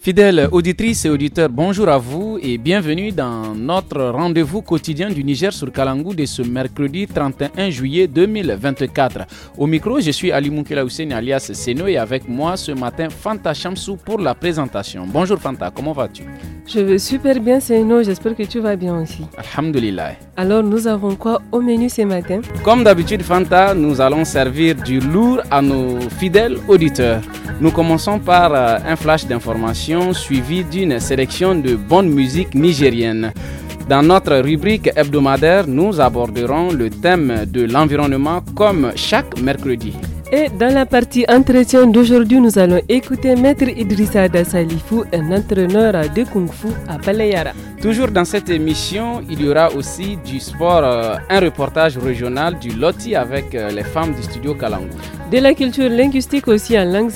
Fidèle auditrice et auditeurs, bonjour à vous et bienvenue dans notre rendez-vous quotidien du Niger sur Kalangou de ce mercredi 31 juillet 2024. Au micro, je suis Ali Moukela Hussein alias Seno et avec moi ce matin Fanta Chamsou pour la présentation. Bonjour Fanta, comment vas-tu Je vais super bien Seno, j'espère que tu vas bien aussi. Alhamdulillah. Alors nous avons quoi au menu ce matin Comme d'habitude Fanta, nous allons servir du lourd à nos fidèles auditeurs. Nous commençons par euh, un flash d'informations suivi d'une sélection de bonnes musiques dans notre rubrique hebdomadaire, nous aborderons le thème de l'environnement comme chaque mercredi. Et dans la partie entretien d'aujourd'hui, nous allons écouter Maître Idrissa Dassalifou, un entraîneur de Kung Fu à Palayara. Toujours dans cette émission, il y aura aussi du sport, euh, un reportage régional du Loti avec euh, les femmes du studio Kalangou. De la culture linguistique aussi en langue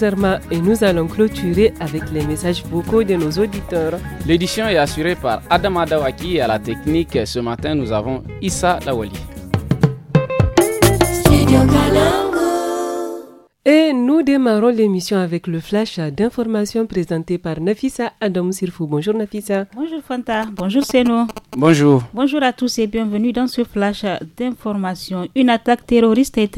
et nous allons clôturer avec les messages vocaux de nos auditeurs. L'édition est assurée par Adam Adawaki à la technique, ce matin, nous avons Issa Lawali. Et nous démarrons l'émission avec le flash d'information présenté par Nafissa Adam Sirfou. Bonjour Nafisa. Bonjour Fanta. Bonjour Seno. Bonjour. Bonjour à tous et bienvenue dans ce flash d'information. Une attaque terroriste est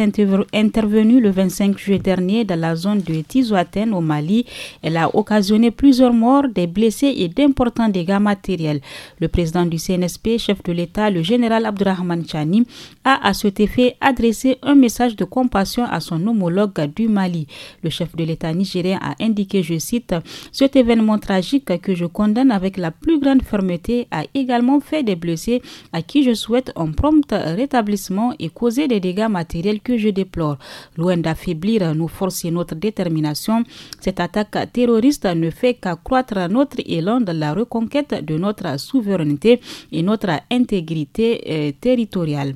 intervenue le 25 juillet dernier dans la zone de Tizouaten au Mali. Elle a occasionné plusieurs morts, des blessés et d'importants dégâts matériels. Le président du CNSP, chef de l'État, le général Abdurrahman Chani, a à cet effet adressé un message de compassion à son homologue Mali. Le chef de l'État nigérien a indiqué, je cite, Cet événement tragique que je condamne avec la plus grande fermeté a également fait des blessés à qui je souhaite un prompt rétablissement et causé des dégâts matériels que je déplore. Loin d'affaiblir nos forces et notre détermination, cette attaque terroriste ne fait qu'accroître notre élan de la reconquête de notre souveraineté et notre intégrité euh, territoriale.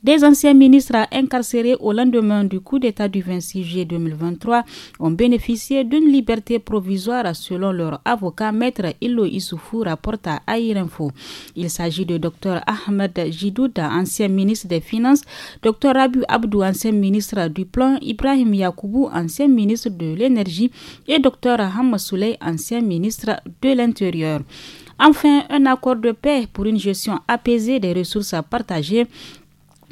Des anciens ministres incarcérés au lendemain du coup d'État du 26 juillet 2023 ont bénéficié d'une liberté provisoire selon leur avocat maître Illo Issoufou rapporte à Info. Il s'agit de Dr Ahmed Jidouda, ancien ministre des Finances, Dr Rabu Abdou, ancien ministre du Plan, Ibrahim Yakoubou, ancien ministre de l'Énergie et Dr Ahmed Souley, ancien ministre de l'Intérieur. Enfin, un accord de paix pour une gestion apaisée des ressources à partager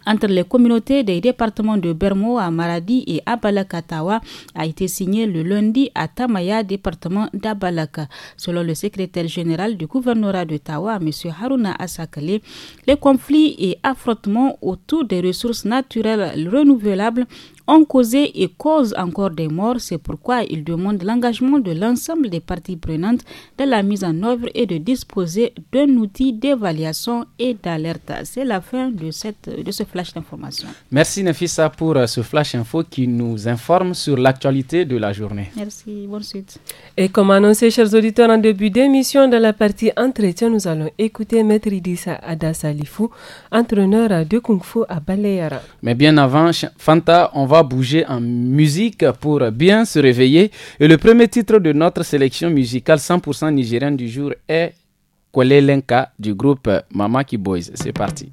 entre les communautés des départements de Bermo à Maradi et Abalaka-Tawa, a été signé le lundi à Tamaya, département d'Abalaka. Selon le secrétaire général du gouvernorat de Tawa, M. Haruna Asakale, les conflits et affrontements autour des ressources naturelles renouvelables ont causé et causent encore des morts. C'est pourquoi il demande l'engagement de l'ensemble des parties prenantes dans la mise en œuvre et de disposer d'un outil d'évaluation et d'alerte. C'est la fin de, cette, de ce flash d'information. Merci Nefissa pour euh, ce flash info qui nous informe sur l'actualité de la journée. Merci, bonne suite. Et comme annoncé, chers auditeurs, en début d'émission, dans la partie entretien, nous allons écouter Maître Idissa Adassa entraîneur de Kung Fu à Baleyara. Mais bien avant, Fanta, on va bouger en musique pour bien se réveiller. Et le premier titre de notre sélection musicale 100% nigérienne du jour est Lenka du groupe Mamaki Boys. C'est parti.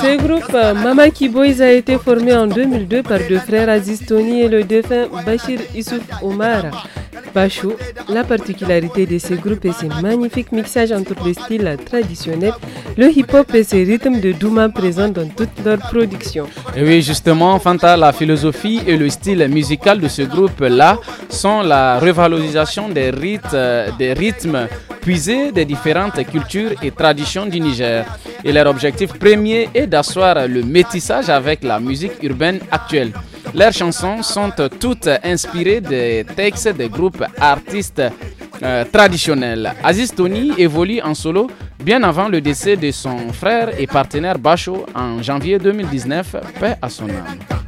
Ce groupe euh, Mamaki Boys a été formé en 2002 par deux frères Aziz Tony et le défunt Bachir Issouf Omar. Bachou. La particularité de ce groupe est ce magnifique mixage entre le style traditionnel, le hip-hop et ses rythmes de Douma présents dans toute leur production. oui, justement, Fanta, la philosophie et le style musical de ce groupe-là sont la revalorisation des, rites, des rythmes puisés des différentes cultures et traditions du Niger. Et leur objectif premier est d'asseoir le métissage avec la musique urbaine actuelle. Leurs chansons sont toutes inspirées des textes des groupes artistes euh, traditionnels. Aziz Tony évolue en solo bien avant le décès de son frère et partenaire Bacho en janvier 2019, paix à son âme.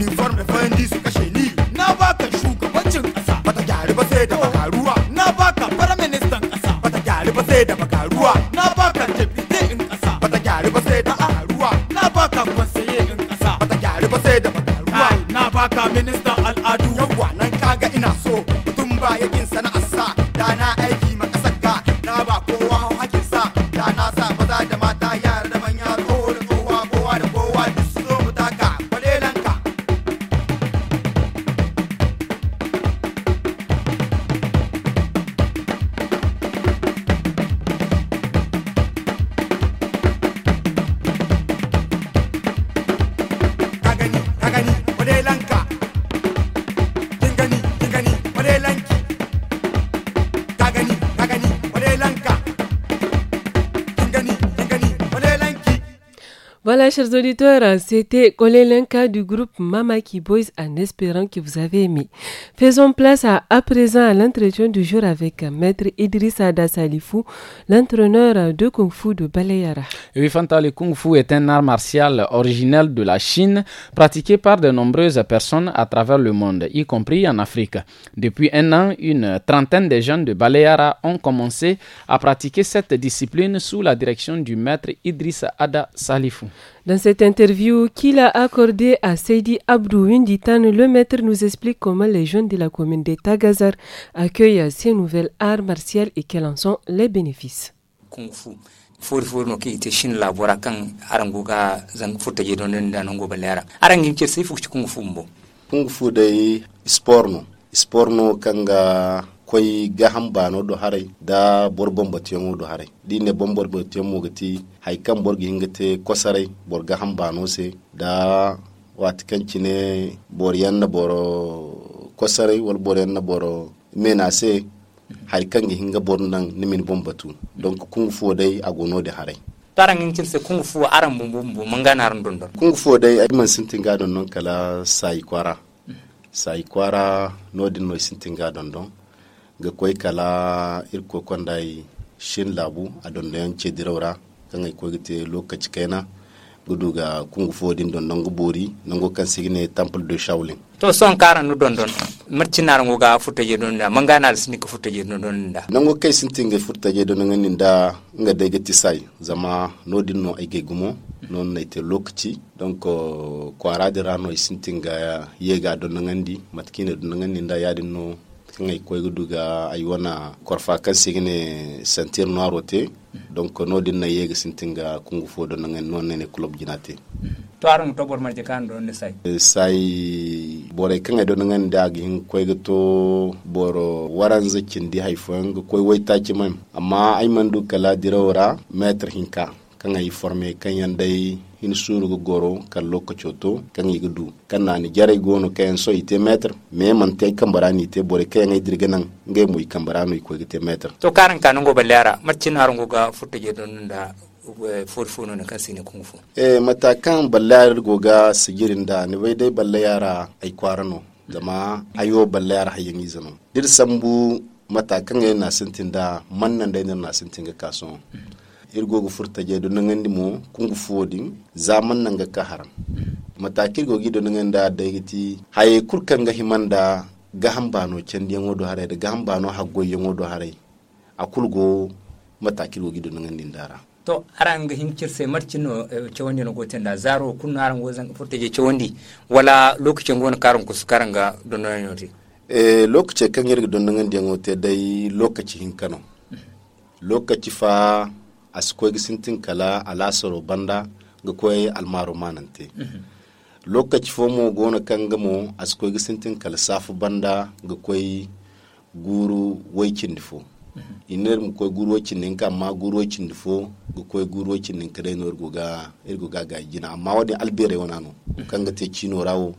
uniform da su kashe ni na baka shugabancin kasa bata gyaru ba sai da baka ruwa na baka firaministan kasa bata gyaru ba sai da baka ruwa na baka jabite in kasa bata gyaru ba sai da baka ruwa na baka kwansaye in kasa bata gyaru ba sai da baka ruwa na baka minista chers auditeurs, c'était Kolelenka du groupe Mamaki Boys en espérant que vous avez aimé. Faisons place à, à présent à l'entretien du jour avec Maître Idrissa Dassalifou, l'entraîneur de Kung Fu de Balayara. Oui, Fanta, le Kung Fu est un art martial originel de la Chine, pratiqué par de nombreuses personnes à travers le monde, y compris en Afrique. Depuis un an, une trentaine de jeunes de Balayara ont commencé à pratiquer cette discipline sous la direction du maître Idrissa Ada dans cette interview qu'il a accordée à Seydi Abdou Winditan, le maître nous explique comment les jeunes de la commune de Tagazar accueillent ces nouvelles arts martiales et quels en sont les bénéfices. Kungfu, Fu. fori fori no ke ite shin labora kan arango ga zan futa je don nan balera arangin ke sai fukci kung fu mbo kung fu dai sport no sporno kanga koy gaham bano do haray da bor ba tiyango do haray ne bombor bo tiyango gati hay kam bor ngate kosare bor gaham bano se da wati kancine bor yanna boro kosare wal bor yanna boro menase se hay kangi hinga bor nan nimin bombatu donc kung fo dai agono de haray tarang ngin kilse kung fu aran bumbu bumbu mangana ran dundun kung fu dai ay man sintinga don non kala sai kwara i kwara nodin no don don ga koy kala irko kondai shin labu a dondon ce dirawra kan ai koy gite lokaci kaina gudu ga kungu fodin don go Buri nango kan signe temple de shaolin to son kara nu dondon marcinar ngo ga futa je dondon manga na sini ko futa je don da nango kai sintinga futa je dondon da nga de ga tisai zama nodin no ay ge gumo non naite lokaci donc euh, ko arade rano sintinga yega do nangandi matkine do nangandi nda yadi no ngay koy duga ay wona korfa kan sigine sentir noir te donc no din na yega sintinga kungu fo do nangen non nene club jinate to aran to bor marje kan don ne say eh, say bore kan do nangen da gi koy to boro waran zakin di haifan koy way ki mam amma ay man du kala dirawra maître hinka kanga yi forme kan yanday hin sunugu goro kan lokaco to kan yi du kan ni jare gono kayan so ite metre me man te ni te bore kayan ay dirga nan ngay muy no iko ite metre to karan kanungo balera na harungo ga futte je don da furfuno na kan sine kung fu eh matakan go goga sigirin da ni bai dai balle ai kwarano dama ayo balle yara hayyan izano dir sambu kan yana na da man nan dai na sintinga kaso mm -hmm. irgogo furta je do nangandi mo kungu fodin zaman nanga ka haram matakirgo gido nanganda da yiti haye kurkanga himanda gahambano cendi yango do hare da gahambano haggo yango do hare akulgo matakirgo gido nangandi ndara to him hinkirse marcino cewandi no goten da zaro kunno arango zan furta je cewandi wala lokacin gon karan kus karanga do nanoti e lokacin kan yirgo do nangandi eh, eh, yango te dai lokaci hinkano mm-hmm. lokaci fa asikoi sintin kala lasaro banda ga koyi almaro manante mhm. lokaci fomo gona kan gamo asikoi sintin kala safu banda ga koyi guru waikin difo mhm. inar mu koy gurwocin amma kan ma gurwocin difo ga koy guru waikin ninka da irguga irguga ga gina amma wani albere wana no mhm. kan ga te cino rawo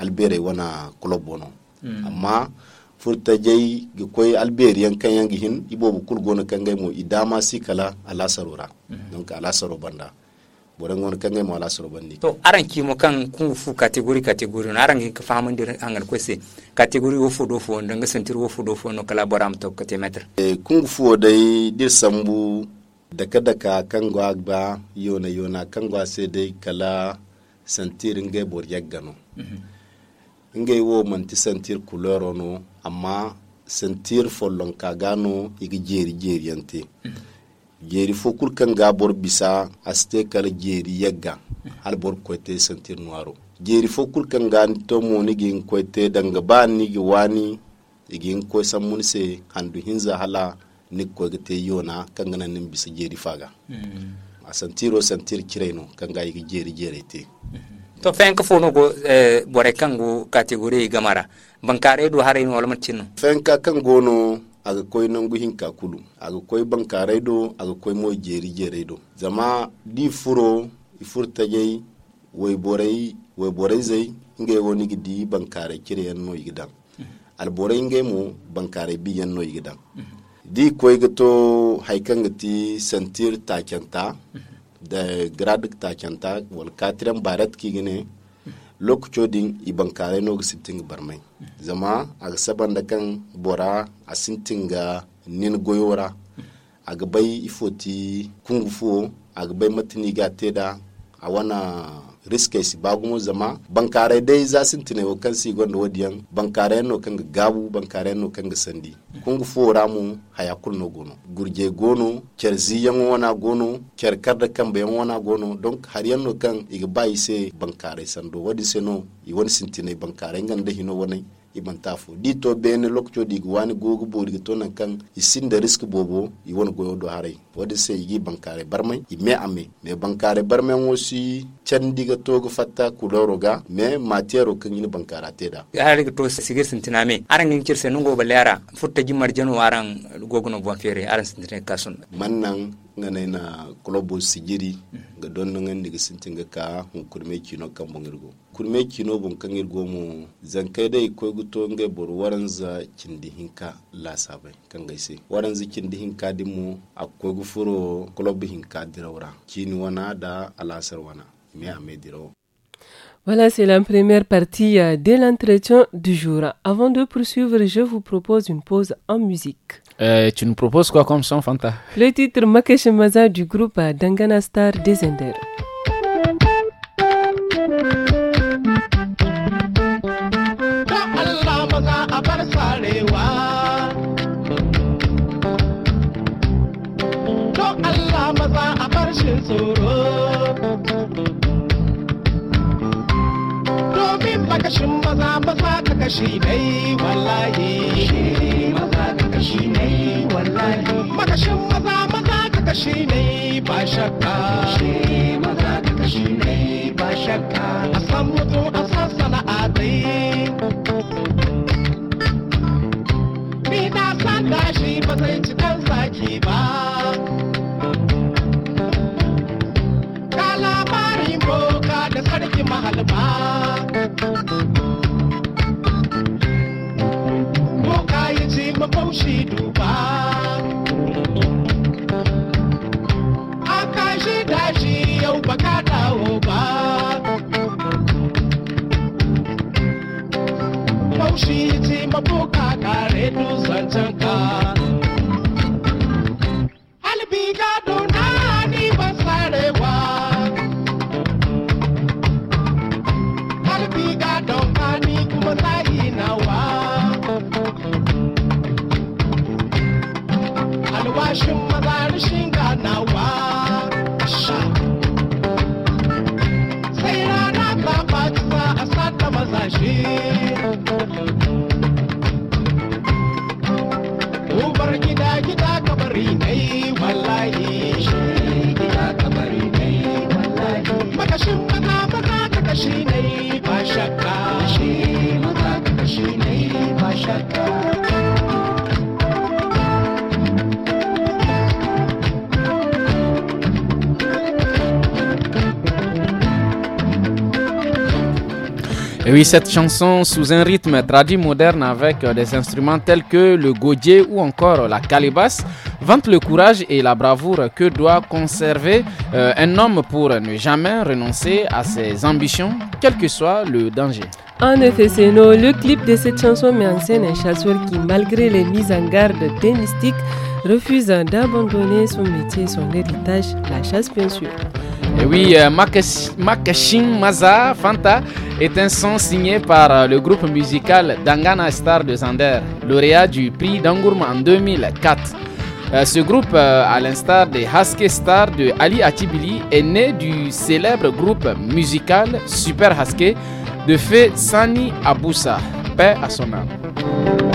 albere wana amma mm amma furta jai ga koy alberiyan kan yangi hin ibo bu kul gona kan mo idama sikala alasarora don ka alasaro mhm. banda buran wani kan mo alasaro bandi to aran ki mu kan kun fu kategori kategori na aran ka faman dir angal ko se kategori wo fu do fu wanda ga sentir wo fu do fu no kala baram to ka metre e kun fu dai dir sambu daka daka kan gwa gba yona yona kan gwa se dai kala sentir ngai bor yaggano mhm. ngai wo manti sentir couleur no amma sentir follon ka gano igi jeri jeri yante jeri fo kul kan ga bor bisa aste kala jeri yagga mm hal bor koyte sentir noaro jeri fo kul kan ga to moni gi koyte danga bani gi wani igi ko samun se handu hinza hala ni ko te yona kan ganan nin bisa jeri faga mm -hmm. a sentiro sentir kireno kan ga igi jeri jeri te mm -hmm. to ka fono go eh, bore kangu kategori gamara bankare do hare no walma fɛn ka kan gono aga koy nangu ka kulu aga koy bankare do aga koy mo jeri jeri do zama di furo i furta jey way yi way bɔrɛ zey nge ni gidi bankare kire yan no yi mm -hmm. al bɔrɛ nge mo bankare bi yan no yigdan mm -hmm. di koy gato haykan gati sentir ta kenta mm -hmm. da gradik ta kyanta wal katiran barat ki gine lokaco din iban kare no barmai zama a saban da kan bora a sintin ga nin goyora a gabai ifoti kungufu a gabai matini ga teda a wana riske si bagumo zama bankare dai za sin tine wa kan si gwanda wadiyan bankare no kan gabu bankare no kan sandi ga fora ramu haya kulno gono gurje gono kerzi yan wana gono kyarkar da kan bayan wana gono don har yan no kan iga bayi se bankare sando wadi se no i wani sin tine bankare ngan da hino wani iman tafu dito bene lokco dig wani gogo bori to nan kan isin da risk bobo i won goyo do hare wode se yi bankare barmai i me ame me bankare barmai wo si can diga to go fatta kuloro ga me matero kan yin bankara teda hare to sigir sintina me aran ngin kirse nungo balera futta jimar janu aran gogo no bon fere aran sintina kasun mannan ngana ina kolobo sijiri ga don nga ndiga sinti nga ka hun kurme kino kan bongirgo kurme kino bon kan mu zankai dai ko guto nga bor waranza kindi hinka la sabai kan ga ise waranza kindi hinka dimu akwai furo kolobo hinka dirawra kini wana da alasar wana me a me Voilà, c'est la première partie euh, de l'entretien du jour. Avant de poursuivre, je vous propose une pause en musique. Euh, tu nous proposes quoi comme son, Fanta Le titre Makeshemaza du groupe Dangana Star Desender. kashe ne wallahi makashin maza maza ka kashe ne ba shakka kashe maza ka kashe ne ba shakka a san mutum a san sana'a dai ni na san gashi ba zai ci dan saki ba ka labarin boka da sarki mahalba She team a book, I oui, cette chanson sous un rythme traduit moderne avec euh, des instruments tels que le godier ou encore la calibasse, vante le courage et la bravoure que doit conserver euh, un homme pour ne jamais renoncer à ses ambitions, quel que soit le danger. En effet, c'est nous. Le clip de cette chanson met en scène un chasseur qui, malgré les mises en garde des refuse d'abandonner son métier son héritage, la chasse bien sûr. Et oui, euh, Makashin Maza Fanta est un son signé par euh, le groupe musical Dangana Star de Zander, lauréat du prix d'Angourma en 2004. Euh, ce groupe, à l'instar des Haske Star de Ali Atibili, est né du célèbre groupe musical Super Haske de Fé Sani Aboussa. Paix à son âme.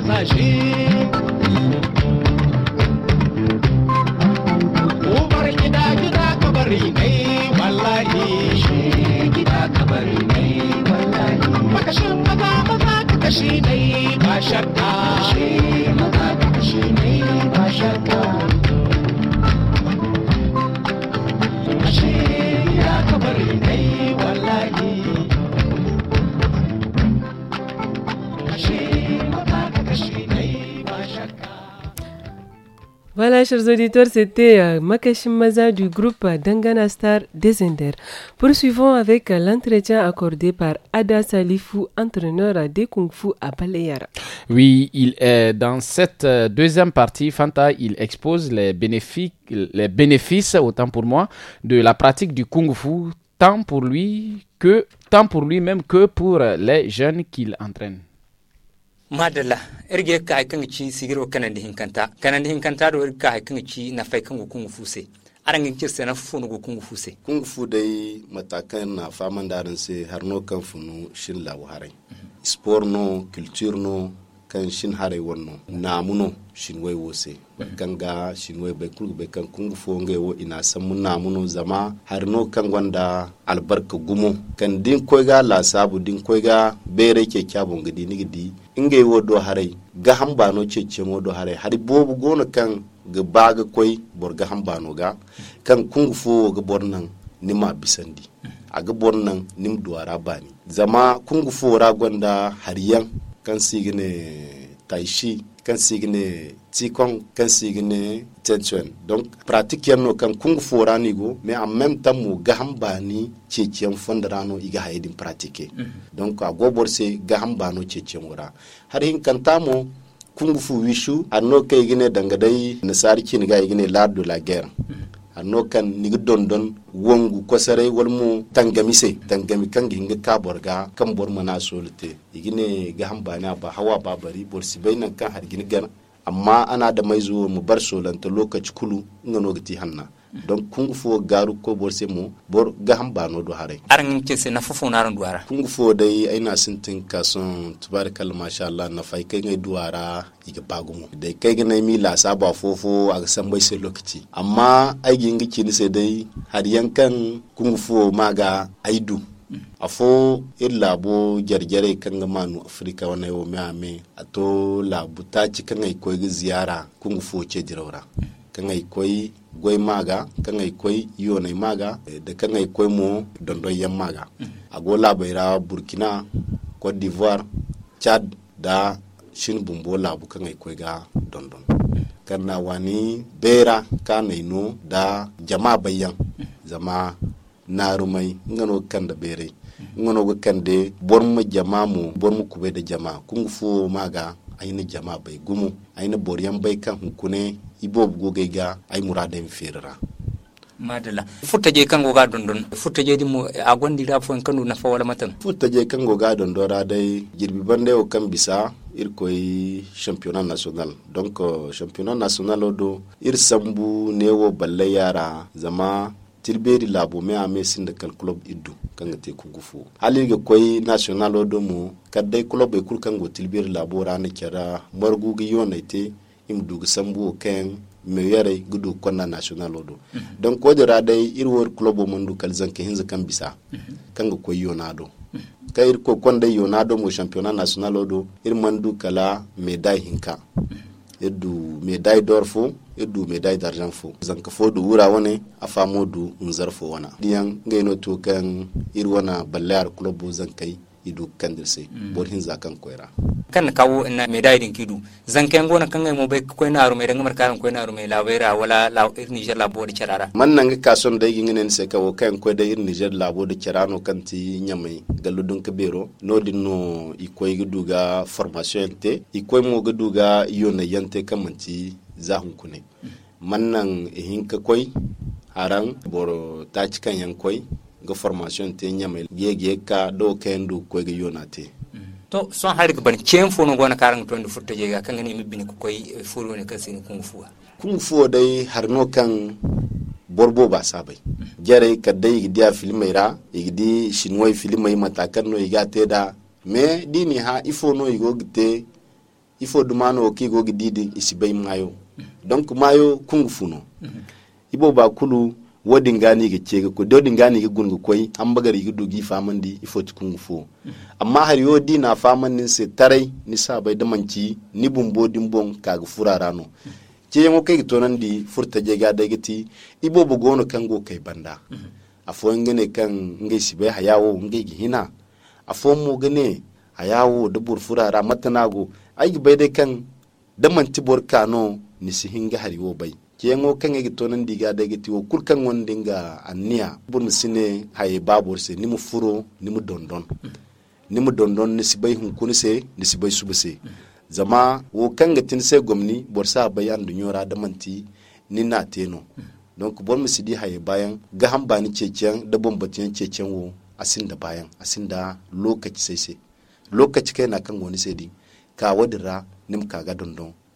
kasashe umar gida gida kabari ne wallahi shi gida kabari ne wallahi makashin maza maza macaxão, ne ba shakka Voilà, chers auditeurs, c'était euh, Makashim Maza du groupe Dangana Star Desender. Poursuivons avec l'entretien accordé par Ada Salifu, entraîneur des Kung Fu à Baleyara. Oui, il dans cette euh, deuxième partie, Fanta, il expose les bénéfices, les bénéfices autant pour moi, de la pratique du Kung Fu, tant pour lui que, tant pour lui-même que pour les jeunes qu'il entraîne. madala erge ka ay kan ci sigiro kanan hinkanta kanan hinkanta do irge ka ay kan ci na fai kan kungu fuse aran ngin na funu kungu fuse kun fu dai matakan na faman darin se har no kan funu shin lawo harai mhm. sport no culture no kan shin harai wannan namuno shin wai wose ganga shin wai bai kulgu bai kan kungu fo ngai wo ina san mun namuno zama har no kan gwanda albarka gumo kan din koiga la sabu din ga bere ke bon gidi nigidi ingai wo do harai ga hamba no cece mo do harai har bobu gona kan ga baga koi ga hamba no ga kan kungu fo ga ni nima bisandi a ga nan nim duwara bani zama kungu fo ra gwanda hariyan kan sigine taishi kan sigine kong kan sigine tension donc pratique no kan fu rani go mais en même temps mo gahambani cecen fondarano iga din pratique mm -hmm. donc a gobor se che chem wora har hin kantamo kung fu wishu anno kaygine dangadai nasari ciniga igine l'art de la guerre mhm. hanno kan nigi dondon wongu kosare walmo tangami se tangami gi hinga ka borga kan bor mana yi igine ga hambani ba hawa ba bari bor bai na kan har gini gana amma ana da mai zuwa mu bar solanta lokaci kulu ngano gati hanna donc kungu fo garu ko bor semu bor gaham bano do hare aran ke se na na naran duara kungu fo dai aina sintin kason ma masha Allah na fay kai ngay duara iga bagumo dai kai ga mi la saba fofo ak sa mbay se lokaci amma ngi ci ni se dai har yankan kungu fo maga du. a fo ir bo jarjare kan ga manu afirka wani yau mai ame a to labu ta ci kan ga ziyara kungu fo ce jiraura kan ai koi maga ka ngay koi yonai maga eh, de ka koi mo maga mm-hmm. a go burkina Côte d'ivoire chad da shin bumbo ka ngay ga dondon mm-hmm. kan wani bera ka naino da jama bayan mm-hmm. zama narumai ngano kan da bere ngano ga de bormu jama mu bormu kube da jama kungfu maga aina jama bay gumu aina boryan bay kan hukune ibob goge ga ay muraden ferra madala futta je kango ga dondon futta je dimu a gondira fo en kanu fa wala matan futta je kango ga dondora dai jirbi bande o kan bisa ir koy championnat national donc euh, championnat national do ir sambu newo balle yara zama tilberi labo me a me sinda kal club iddu kanga te ku gufu hali koy national o do mu kadde club e kul kango tilberi labo rana kera margu gi im dugu sambu ken yare gudu konna national odo mm -hmm. don ko dira dai irwor club mundu kalzan ke hinza kan bisa mm -hmm. kan ga ko yonado mm -hmm. ka ir ko konde yonado mo championnat national odo ir mandu kala medai hinka ir du medai d'or fo medai d'argent fo zan fo du wura wani a famo du nzar wana diyan ngeno to kan ir wana ballar club zan kai idu se. mm. bor hin zakan koyra kan kawo na medai din kidu zan kai ngona kan ga mo be ko na aru me dan mar kan ko na aru me la wala la Niger la bodi charara man nan ka son da yin ngenen se kawo kan ko da ir Niger la bodi charano kan ti nyamai galu dun ka bero no din no i ko yi duga formation te i ko mo ga duga yona yante kamanti zahun kune mm. man nan e hin ka koy haran boro ta cikan yan koy ga formation te nyame yege ka do kendu kwege yonate to so hayde ko ban cem fo no gona karang to ndu futta je ga kanga ni mibini ko koy eh, furo ne kasin kung fu kung fu dai har no kan borbo ba sabai jere ka dai film ira igidi shinwai filmai matakan no te da me dini ha ifo no gite ifo dumano ki gidi didi isibai mayo mm. donc mayo kung fu no mm-hmm. ibo ba kulu wodin dingani ga ce ko dodin dingani ga gungu koi an bagar yi dugi faman di ifo kungu fo amma har yo di na faman nin se tarai ni sabai da manci ni bumbo dimbon ka ga furara no ce yan kai to nan di furta je ga da giti ibo bu gono kan go kai banda a fo ngane kan ngai sibe hayawo gi hina a fo mu gane hayawo da bur furara matanago ai bai dai kan da manci bor kano ni si hinga har yo bai kengo kenge gitonen diga de giti wo kul dinga anniya bur misine haye babur se nimu furo nimu dondon nimu dondon ni sibai hunkuni se ni sibai subu zama wo kanga tin se gomni bor sa bayan dunyora da manti ni na teno donc bor misidi haye bayan ga hamba ni cecen da bombatiyan cecen wo asin da bayan asin da lokaci sai se lokaci kai na kan wani sai di ka wadira nim kaga dondon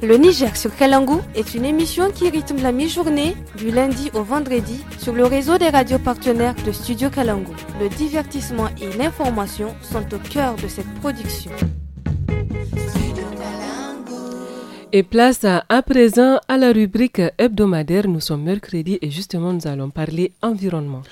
Le Niger sur Kalangou est une émission qui rythme la mi-journée du lundi au vendredi sur le réseau des radios partenaires de Studio Kalangou. Le divertissement et l'information sont au cœur de cette production. Et place à, à, présent à la rubrique hebdomadaire. Nous sommes mercredi et justement nous allons parler environnement.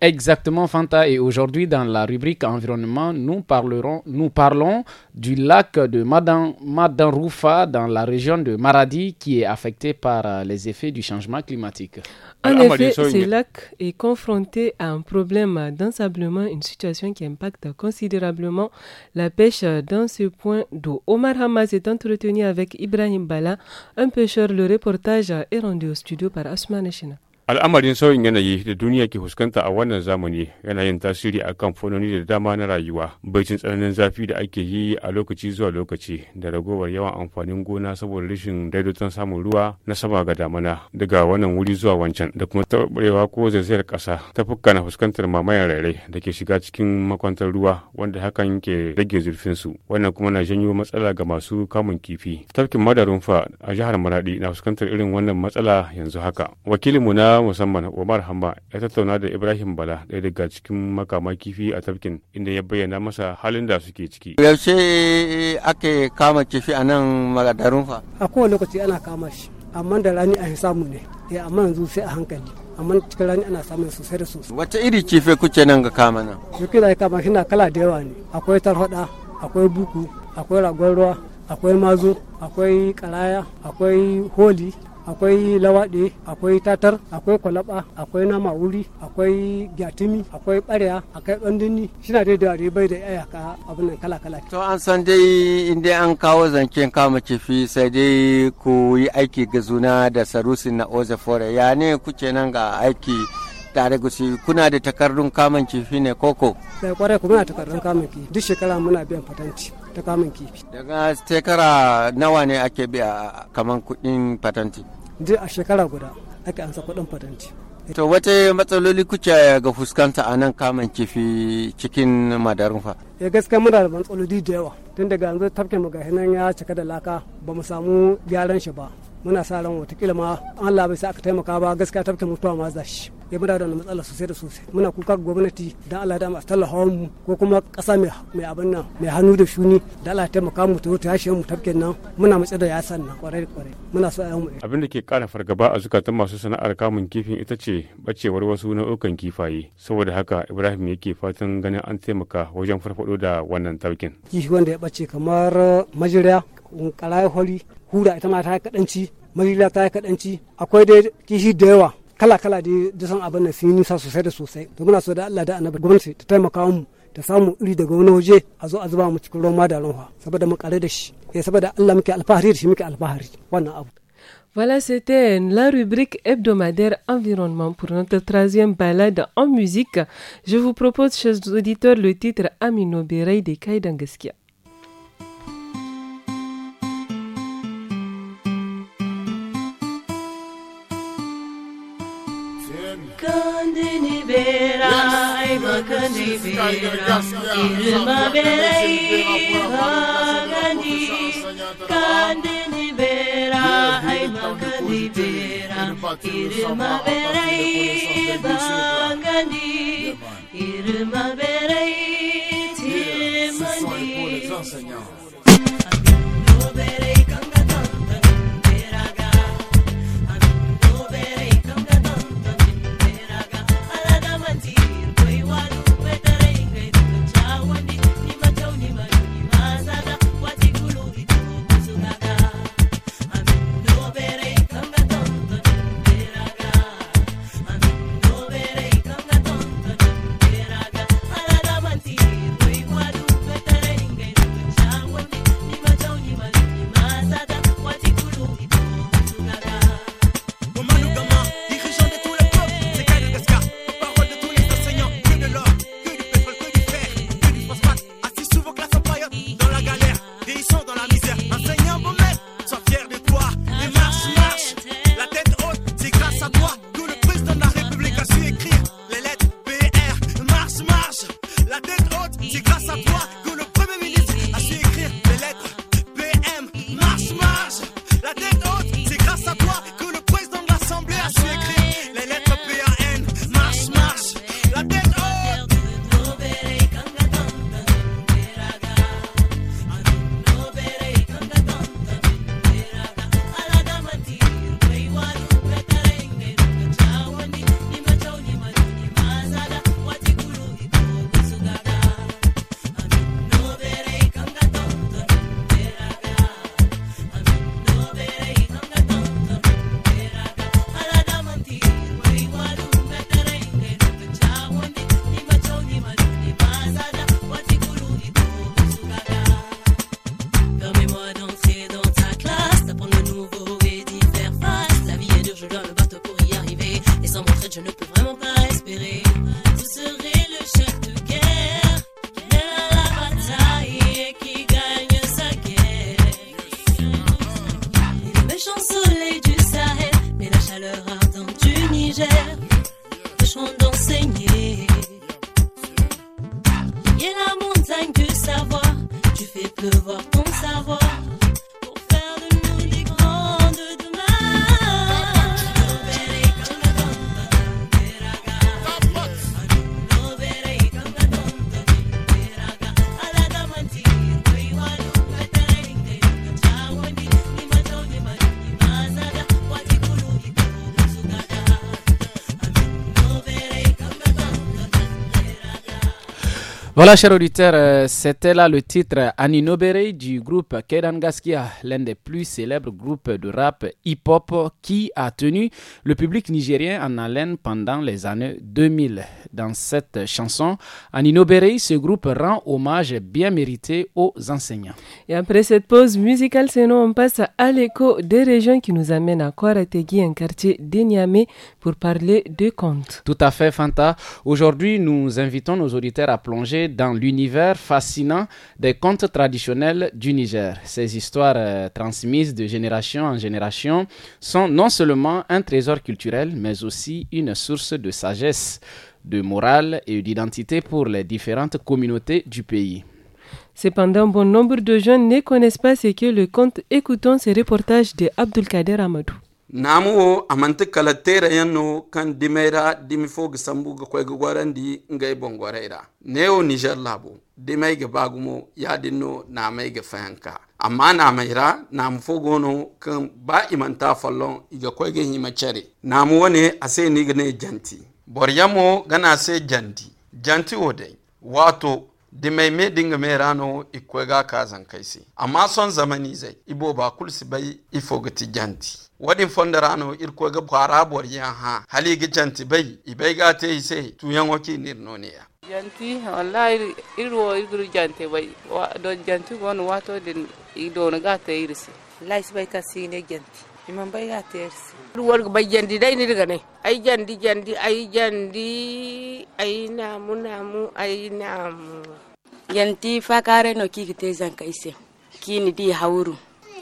Exactement, Fanta. Et aujourd'hui, dans la rubrique environnement, nous, parlerons, nous parlons du lac de Madan, Madanroufa dans la région de Maradi qui est affecté par euh, les effets du changement climatique. En effet, ce lac est confronté à un problème d'ensablement, une situation qui impacte considérablement la pêche dans ce point d'eau. Omar Hamas est entretenu avec Ibrahim Bala, un pêcheur. Le reportage est rendu au studio par Asma Nechina. Al'amarin sauyin yanayi da duniya ke fuskanta a wannan zamani yana yin tasiri a kan fononi da dama na rayuwa, baicin tsananin zafi da ake yi a lokaci zuwa lokaci da ragowar yawan amfanin gona saboda rashin daidaiton samun ruwa na sama ga damana daga wannan wuri zuwa wancan da kuma taɓarewa ko zaizayar ƙasa ta fuka na fuskantar mamayan rairai da ke shiga cikin makwantar ruwa wanda hakan ke rage zurfin su wannan kuma na janyo matsala ga masu kamun kifi. Tafkin madarunfa a jihar Maradi na fuskantar irin wannan matsala yanzu haka. Wakilinmu na Musamman Omar Hamba ya tattauna da Ibrahim Bala ɗaya daga cikin makama kifi a tafkin inda ya bayyana masa halin da suke ciki. Yaushe ake kama kifi a nan magadarun fa? A kowane lokaci ana kama shi, amma da rani a samu ne, eh, amma yanzu sai a hankali. amma cikin rani ana samun sosai da sosai. Wata iri kife kuke nan ga kama nan? Kife da kama shi na kala da yawa ne. Akwai tarhoda, akwai buku, akwai ragon ruwa, akwai mazu akwai karaya, akwai holi, akwai lawaɗe akwai tatar akwai kwalaba akwai nama wuri akwai gyatumi akwai ɓarya akwai ɗandini shina dai da ribai da ka abin nan kala kala to an san dai inda an kawo zancen kama kifi sai dai ku yi aiki ga zuna da sarusin na ozefore ya ne kuce nan ga aiki tare gusi kuna da takardun kamun kifi ne koko da kwarai kuma takardun kamun kifi duk shekara muna biyan fatanci ta kamun kifi daga shekara nawa ne ake biya kaman kudin fatanti duk a shekara guda ake ansa kuɗin fatanti. To wata matsaloli kuke ga fuskanta a nan kamun kifi cikin madarin fa? Ya eh, gaskiya muna da matsaloli da yawa tun daga yanzu tafkin mu nan ya cika da laka ba mu samu gyaran shi ba. Muna sa ran watakila ma Allah bai sa aka taimaka ba gaskiya tafkin mutuwa ma za shi. ya bada da matsala sosai da sosai muna kuka gwamnati da Allah da masu tallafa mu ko kuma ƙasa mai abin nan mai hannu da shuni da Allah taimaka mu ta yashe mu tafkin nan muna matsa da yasan nan kwarai kwarai muna so ayi abin da ke kara fargaba a zukatan masu sana'ar kamun kifin ita ce bacewar wasu nau'ukan kifaye saboda haka Ibrahim yake fatan ganin an taimaka wajen farfado da wannan tafkin kifi wanda ya bace kamar uh, majira um, ƙarayi hori hura ita ma ta kaɗanci majiriya ta kaɗanci akwai dai kishi da yawa kala kala dai da san abin nan sun yi nisa sosai da sosai to muna so da Allah da annabi gwamnati ta taimaka mu ta samu iri daga wani waje a zo a zuba mu cikin ruwan da ruwa saboda mu kare da shi eh saboda Allah muke alfahari da shi muke alfahari wannan abu Voilà, c'était la rubrique hebdomadaire environnement pour notre troisième balade en musique. Je vous propose, chers auditeurs, le titre Amino Berey de Kaidangaskia. kanifira irumabere ibagani kandi Voilà, chers auditeurs, euh, c'était là le titre Aninoberei du groupe Kedangaskia, l'un des plus célèbres groupes de rap hip-hop qui a tenu le public nigérien en haleine pendant les années 2000. Dans cette chanson, Aninoberei, ce groupe rend hommage bien mérité aux enseignants. Et après cette pause musicale, sinon on passe à l'écho des régions qui nous amène à Kwarategi, un quartier d'Eniamé, pour parler de contes. Tout à fait, Fanta. Aujourd'hui, nous invitons nos auditeurs à plonger dans l'univers fascinant des contes traditionnels du Niger. Ces histoires euh, transmises de génération en génération sont non seulement un trésor culturel, mais aussi une source de sagesse, de morale et d'identité pour les différentes communautés du pays. Cependant, bon nombre de jeunes ne connaissent pas ce que le conte. Écoutons ce reportage de Abdulkader Amadou. namuwo amanti kala tera yannu kan dimera dimi fo ga sambu ga kwai ga gwarandi ngay bon ne neo nijar labo dimai ga bagumo na mai ga fayanka amma na mu fo gono kan ba imanta fallon ga kwai ga hima chare namu wane ase ni ga ne janti boryamo gana se janti janti wo dai wato di mai me dinga mai rano ga ka zankaisi amma son zamani zai ibo ba kulsi bai ifo ga janti. wadin fondarano irko ga bara borya ha hali ga janti bai ibai ga te sai tuyan waki nirnoniya janti wallahi irwo igru janti bai do janti gon wato din ido na ga te irsi lais bai ka sine janti imam bai ga te irwo ga bai janti dai ni daga ne ai janti janti ai janti ai namu namu ai namu fa kare no kiki te zanka ise kini di hauru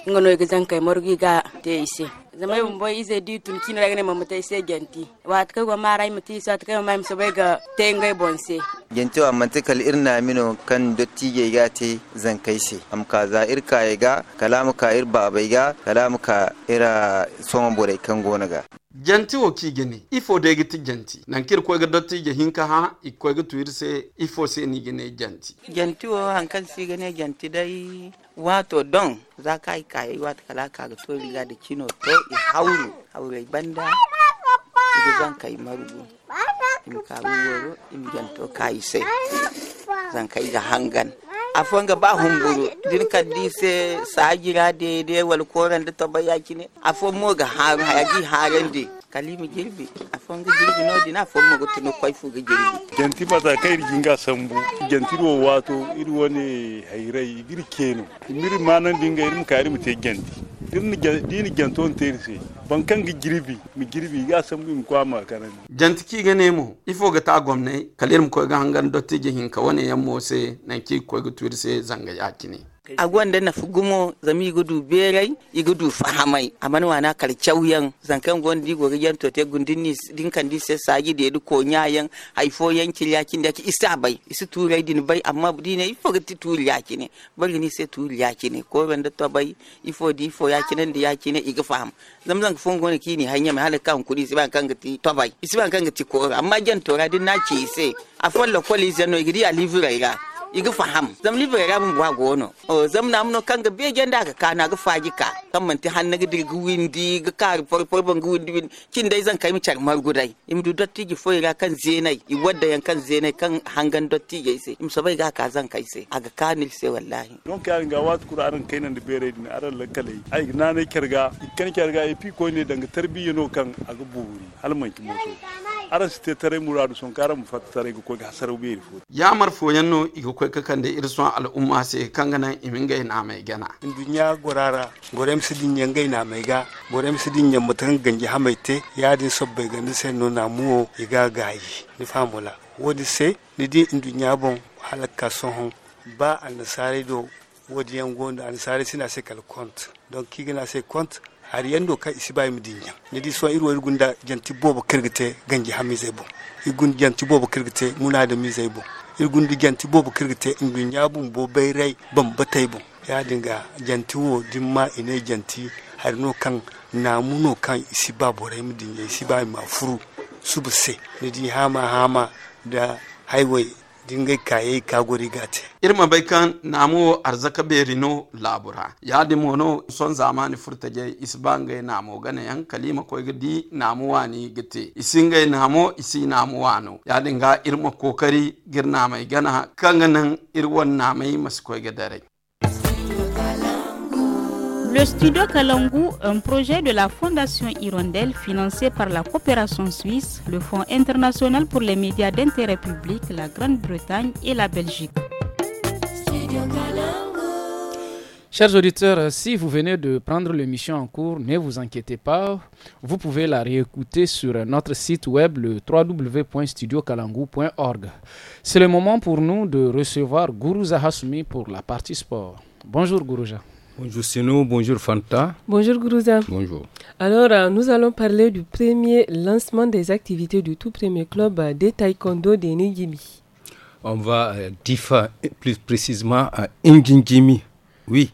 ngono gi zankay morgi ga te ise zama yi bumbo izai di tun kino daga gane mamata ise genti wa ta kai gwamma rai mutu isa ta kai gwamma musu bai ga ta yin gai bonse. genti wa mantikal irna mino kan dotti ya ga te zan kai se am ka za irka ya ga kalamu ka baba ya ga kalamu ka ira soma bore kan gona ga. janti wo ki gani ifo de giti janti nan kir kwa ga dotti ge hinka ha ikko ga tuwir se ifo se ni gane janti janti wo hankali si gane genti dai wato don za ka yi kayi wata kala ka ga tobi ga da kino to hauro haurai banda idan zan kai marugu im kawi yoro im janto kai sai zan kai ga hangan afonga ba humburu din kaddi se sajira de de wal koran da tabaya kine afon mo ga haru hayagi harande kalimi jilbi afonge jilbi no dina fomo ko tino koy fuge jilbi genti pata kay jinga sambu genti ro wato iri woni hayre iri keno miri mana dinga irim kayri mu te genti dinni dinni gento on terisi bankangi jilbi mi jilbi ga sambu mi ko ma kanani genti ki ga nemo ifo ga ta gomne kalirim ko ga hangan dotti je hin ka woni yammo se nan ki ko ga turse zanga yakini da na fi gumo, zami gudu berai igudu fahamai na karcau yan zankan d'i gori yan tote ni din kan di se sagi de ko nyayan haifo yan kilyakin da ki isa bai isu turai din bai amma ne ifo gati tulyaki ne bari ni se tulyaki ne ko wanda to bai ifo di ifo yakinan da ne iga faham zamzan fon gona kini hanya mai halakan kudi ban kan gati to bai ban kan gati ko amma jan tora din na ce se a folla kwali zano igidi a livura ga igi faham zam be ga mun wago gono o zamna mun kan ga be genda ka kana ga faji ka kan man ti hanna ga digi windi ga kar por por ban windi kin dai zan kai mi char mar gudai im du dotti gi foyi ga kan zenai i wadda yan kan zenai kan hangan dotti ge sai im sabai ga ka zan kai sai aga kanil sai wallahi don ka ga wat qur'anin kai nan da bere din aran lakale ai na ne kirga kan kirga ipi ko ne danga tarbiyyano kan aga buri halman ki moto aras te tare muradu son kara mu fata tare ga ga hasar ubi fu ya mar foyanno igo ko kan da irson al'umma se kangana gai na mai gana dunya gorara din yan gai na mai ga gorem sidin mutum ganji ya yadin sabbai ganin sai nuna muwo iga gayi ni famula wodi se ni di dunya bon ka sohon ba annasare do wodi yango da annasare sina sai kalkont don kigana se kont hari yando ka isi mudin midinya ne di so irwo irgunda janti bobo kirgite ganji hami zaibo igun janti bobo kirgite muna da mi zaibo irgun di janti bobo kirgite ingun yabun bo bayrai ban bataibo ya dinga janti wo dimma ine janti har no kan namu no kan isi ba borai midinya isi bayi mafuru subse ne di hama hama da highway dingai kaye guri gate irma bai kan namo arzaka be rino labura yadi mono son zamani furtaje je isbangai namo gane yan kalima ko gidi namu wani gite isingai namu isi namu wano ya dinga irma kokari girna mai gana kanganan irwan namai masu ko gidare Le studio Kalangu, un projet de la Fondation Hirondelle financé par la coopération suisse, le Fonds international pour les médias d'intérêt public, la Grande-Bretagne et la Belgique. Chers auditeurs, si vous venez de prendre l'émission en cours, ne vous inquiétez pas. Vous pouvez la réécouter sur notre site web le www.studiocalangou.org. C'est le moment pour nous de recevoir Guru Zahasumi pour la partie sport. Bonjour Gourouza. Bonjour Sino, bonjour Fanta. Bonjour Grouza. Bonjour. Alors, euh, nous allons parler du premier lancement des activités du tout premier club euh, de taekwondo de On va à euh, plus précisément à Ngingimi. Oui,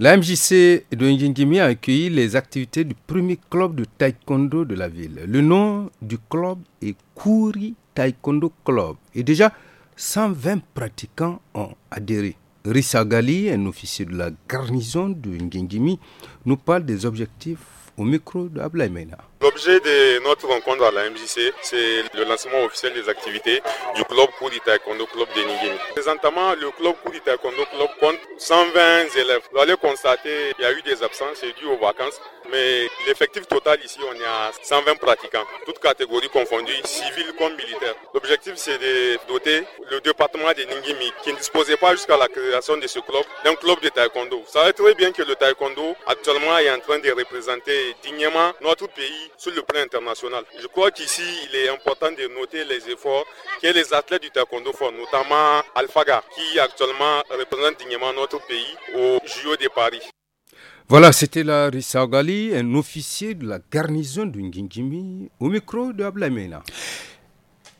la MJC de a accueilli les activités du premier club de taekwondo de la ville. Le nom du club est Kuri Taekwondo Club. Et déjà, 120 pratiquants ont adhéré. Gali, un officier de la garnison de Ngengimi, nous parle des objectifs au micro de Ablaïmena. L'objet de notre rencontre à la MJC, c'est le lancement officiel des activités du club du Taekwondo Club de Ningimi. Présentement, le club du Taekwondo Club compte 120 élèves. Vous allez constater qu'il y a eu des absences dû aux vacances, mais l'effectif total ici, on est à 120 pratiquants, toutes catégories confondues, civiles comme militaires. L'objectif, c'est de doter le département de Ningimi, qui ne disposait pas jusqu'à la création de ce club, d'un club de taekwondo. Vous savez très bien que le taekwondo, actuellement, est en train de représenter dignement notre pays sur le plan international. Je crois qu'ici, il est important de noter les efforts que les athlètes du taekwondo font, notamment Alphaga, qui actuellement représente dignement notre pays au JO de Paris. Voilà, c'était la Ogali, un officier de la garnison de Nginjimi. au micro de Ablamena.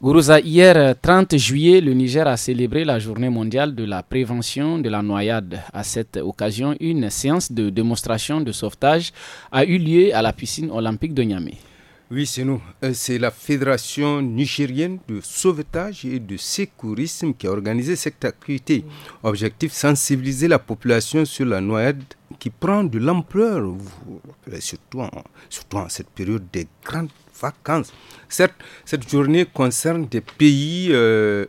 Gourouza, hier 30 juillet, le Niger a célébré la journée mondiale de la prévention de la noyade. À cette occasion, une séance de démonstration de sauvetage a eu lieu à la piscine olympique de Niamey. Oui, c'est nous. Euh, c'est la Fédération nigérienne de sauvetage et de sécurisme qui a organisé cette activité. Objectif sensibiliser la population sur la noyade qui prend de l'ampleur, surtout, surtout en cette période des grandes vacances. Cette cette journée concerne des pays euh,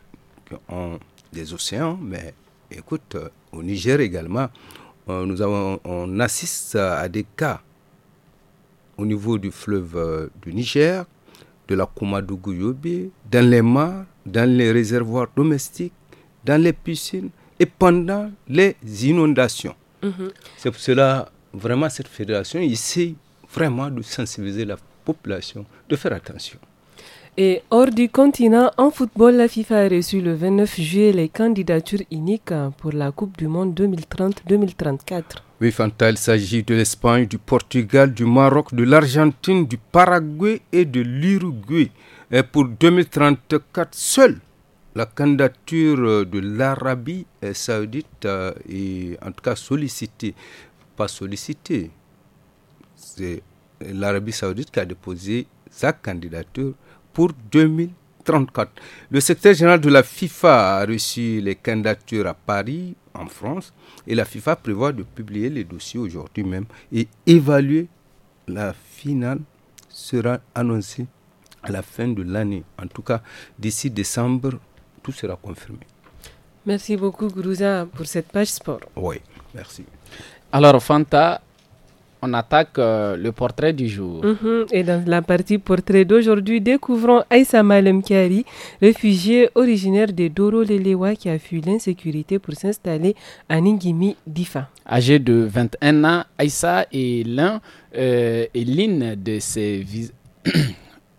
qui ont des océans, mais écoute, euh, au Niger également, euh, nous avons, on assiste à des cas au niveau du fleuve du Niger, de la Koumadougou dans les mares, dans les réservoirs domestiques, dans les piscines et pendant les inondations. Mm-hmm. C'est pour cela, vraiment, cette fédération essaie vraiment de sensibiliser la population de faire attention. Et hors du continent, en football, la FIFA a reçu le 29 juillet les candidatures uniques pour la Coupe du Monde 2030-2034. Oui, Fanta, il s'agit de l'Espagne, du Portugal, du Maroc, de l'Argentine, du Paraguay et de l'Uruguay. Et pour 2034, seule la candidature de l'Arabie saoudite euh, est en tout cas sollicitée. Pas sollicitée, c'est l'Arabie saoudite qui a déposé sa candidature pour 2034. Le secrétaire général de la FIFA a reçu les candidatures à Paris, en France, et la FIFA prévoit de publier les dossiers aujourd'hui même et évaluer la finale sera annoncée à la fin de l'année. En tout cas, d'ici décembre, tout sera confirmé. Merci beaucoup, Grouza, pour cette page sport. Oui, merci. Alors, Fanta, on attaque euh, le portrait du jour. Mhm. et dans la partie portrait d'aujourd'hui, découvrons Aïssa Malem Kiari, réfugié originaire de Doro Lelewa qui a fui l'insécurité pour s'installer à Ningimi Difa. Âgé de 21 euh, ans, Aïssa est l'un de ses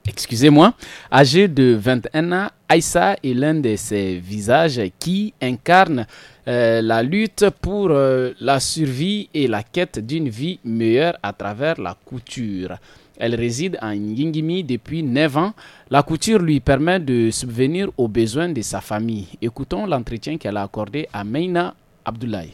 Excusez-moi, âgé de 21 ans, Aïssa est l'un de ces visages qui incarne euh, la lutte pour euh, la survie et la quête d'une vie meilleure à travers la couture. Elle réside à Ngingimi depuis 9 ans. La couture lui permet de subvenir aux besoins de sa famille. Écoutons l'entretien qu'elle a accordé à Meina Abdoulaye.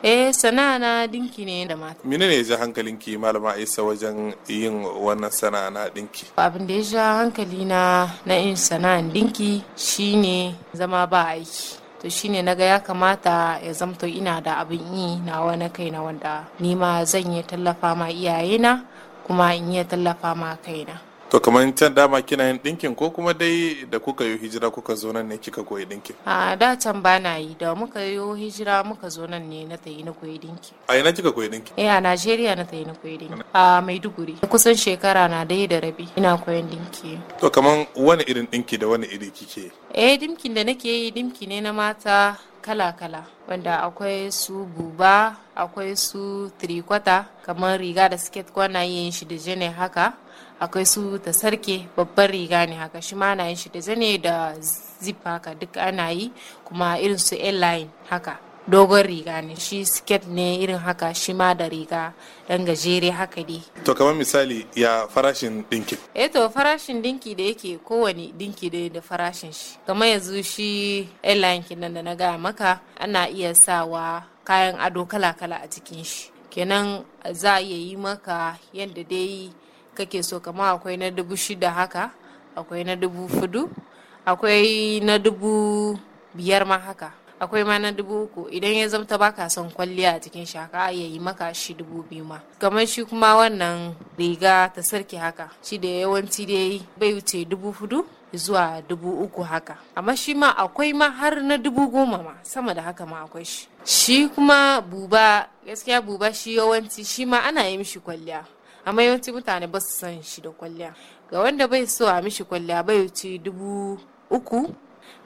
eh sana'a na dinki ne da mata mene ne ya hankalinki malama isa wajen yin wannan sana'a na dinki abin da ya ja hankali na na yin sana'an dinki shine zama ba aiki to shine ga ya kamata ya zamto ina da abin yi na kai na kaina wanda nima zan iya tallafa ma iyayena kuma in iya tallafa ma kaina to kamar can dama kina yin dinkin ko kuma dai da kuka yi hijira kuka zo nan ne kika koyi dinkin a da can ba na yi da muka yi hijira muka zo nan ne na tayi na koyi dinki a ina kika koyi dinki eh a Najeriya na tayi na koyi dinki a Maiduguri kusan shekara na dai da rabi ina koyon dinki to kamar wani irin dinki da wani iri kike eh dinkin da nake yi dinki ne na mata kala-kala wanda akwai su buba akwai su trikwata kamar riga da siket na yin shi da jene haka akwai su ta sarke babban riga ne haka shi ma ana yin shi da zane da zip haka duk ana yi kuma irin su airline haka dogon riga ne shi siket ne irin haka shi ma da riga dan gajere haka dai to kamar misali ya farashin dinki eh to farashin dinki da yake kowane dinki da da farashin shi kamar yanzu shi airline kinan da na gaya maka ana iya sawa kayan ado kala-kala a cikin shi kenan za a iya yi maka yadda dai kake so kamar akwai na dubu shida haka akwai na dubu fudu akwai na dubu biyar ma haka akwai ma na dubu uku idan ya zamta baka son kwalliya a cikin shaka haka ya yi maka shi dubu biyu ma kamar shi kuma wannan riga ta sarki haka shi da yawanci dai bai wuce dubu fudu zuwa dubu uku haka amma shi ma akwai ma har na dubu goma ma sama da haka ma akwai shi shi kuma buba gaskiya buba shi yawanci shi ma ana yi mishi kwalliya amma yawanci mutane ba su san shi da kwalliya ga wanda bai so a mishi kwalliya bai wuce dubu uku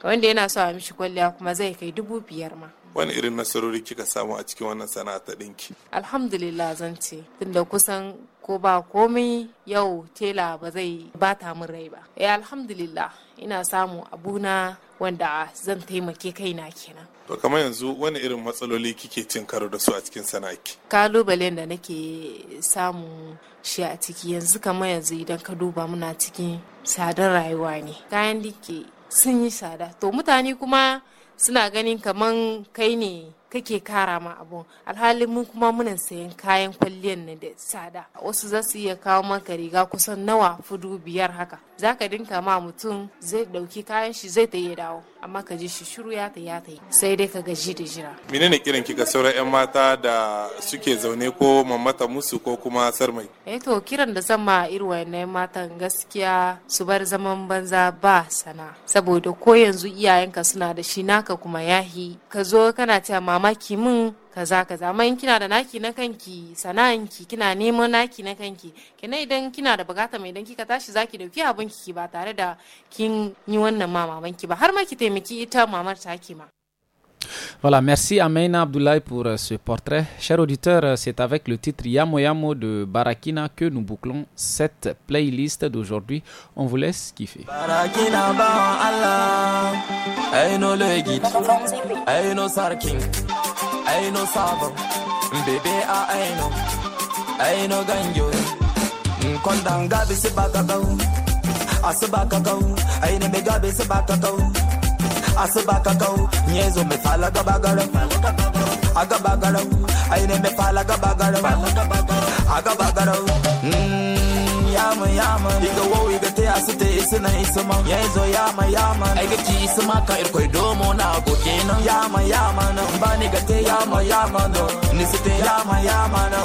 ga wanda yana so a mishi kwalliya kuma zai kai dubu biyar ma wani irin nasarori kika samu a cikin wannan sana'a ta ɗinki alhamdulillah zan ce tunda kusan ko ba komai yau tela ba zai bata min rai ba eh alhamdulillah ina samu abuna wanda zan taimake kaina kenan to kamar yanzu wani irin matsaloli kike cin karo da su a cikin sana'aki kalubalen da nake samu shi a ciki yanzu kamar yanzu idan ka duba muna cikin sadar rayuwa ne kayan dike sun yi tsada, to mutane kuma suna ganin kamar kai ne kake kara ma abu. Alhali mun kuma muna sayan kayan kwalliyan na da tsada. wasu za su iya kawo maka riga kusan nawa fudu biyar haka za ka dinka ma mutum zai dauki kayan shi zai ta ya dawo amma ka ji shi shiru ya ta ya yi sai dai ka gaji da jira ne kiran kika sauran yan mata da suke zaune ko mamata musu ko kuma sarmai eh to kiran da zan ma irin wayannan matan gaskiya su bar zaman banza ba sana saboda ko yanzu iyayenka suna da shi naka kuma yahi ka zo kana cewa mamaki mun. kaza kaza amma in kina da naki na kanki sana'anki kina neman naki na kanki kina idan kina da bukata mai idan kika tashi zaki dauki abin ki ba tare da kin yi wannan ma mamanki ba har ma ki taimaki ita mamar taki ma Voilà, merci Ameina Abdoulaye pour euh, ce portrait. Cher auditeur, euh, c'est avec le titre Yamo Yamo de Barakina que nous bouclons cette playlist d'aujourd'hui. On vous laisse kiffer. Barakina Allah, Aino Le Legit, Aino Sarkin. aino sabr bebe baby I aino no. kondan no si baka gau asu baka gau aino me gabi si baka gau asu baka gau nyezo me fala gabagara agabagara aino me fala gabagara agabagara mm yama yama iga wow iga asite isina isuma yezo yama yama aiga ci isuma ka domo na gokena yama yama no mbani ga yama yama no nisite yama yama no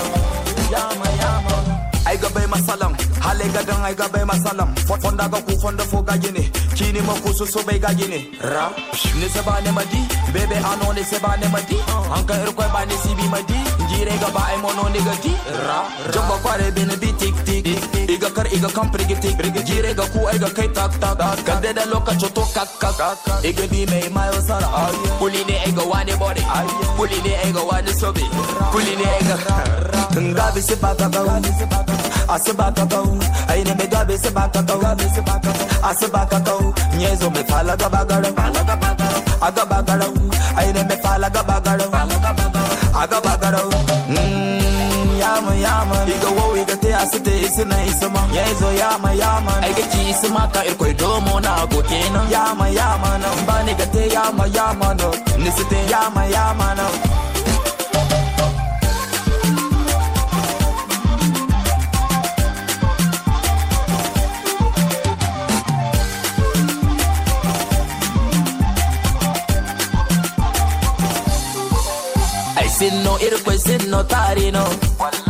yama yama ga masalam hale ga dan ga masalam fonda ga ku fonda fo ga gine kini ma ku so bai ga gine rap ne se ba ne madi bebe ano se ba ne madi an ka ba ne sibi madi Jirega ba e mono nigga ti ra jabba kware bene bi tik tik iga kar iga kan prigi tik girega ku iga kai tak tak kade da lokaci to kak kak iga bi mai mayo sara kuli ne iga wani body kuli ne iga wani sobe kuli ne iga nga bi se ba ka ka asaba ka ka ai ne me ga bi se ba ka ka asaba ka ka nyezo me fala ga ba ga ga ga ga ga ai ne me fala ga ba ga ga ga yama yama iga wow iga te asite isina ma? yezo yama yama aiga ci isama ka irkoi domo na gokena yama yama na mbani ga te yama yama no nisite yama yama na Sinno, irkoi sinno, tarino. Wallah.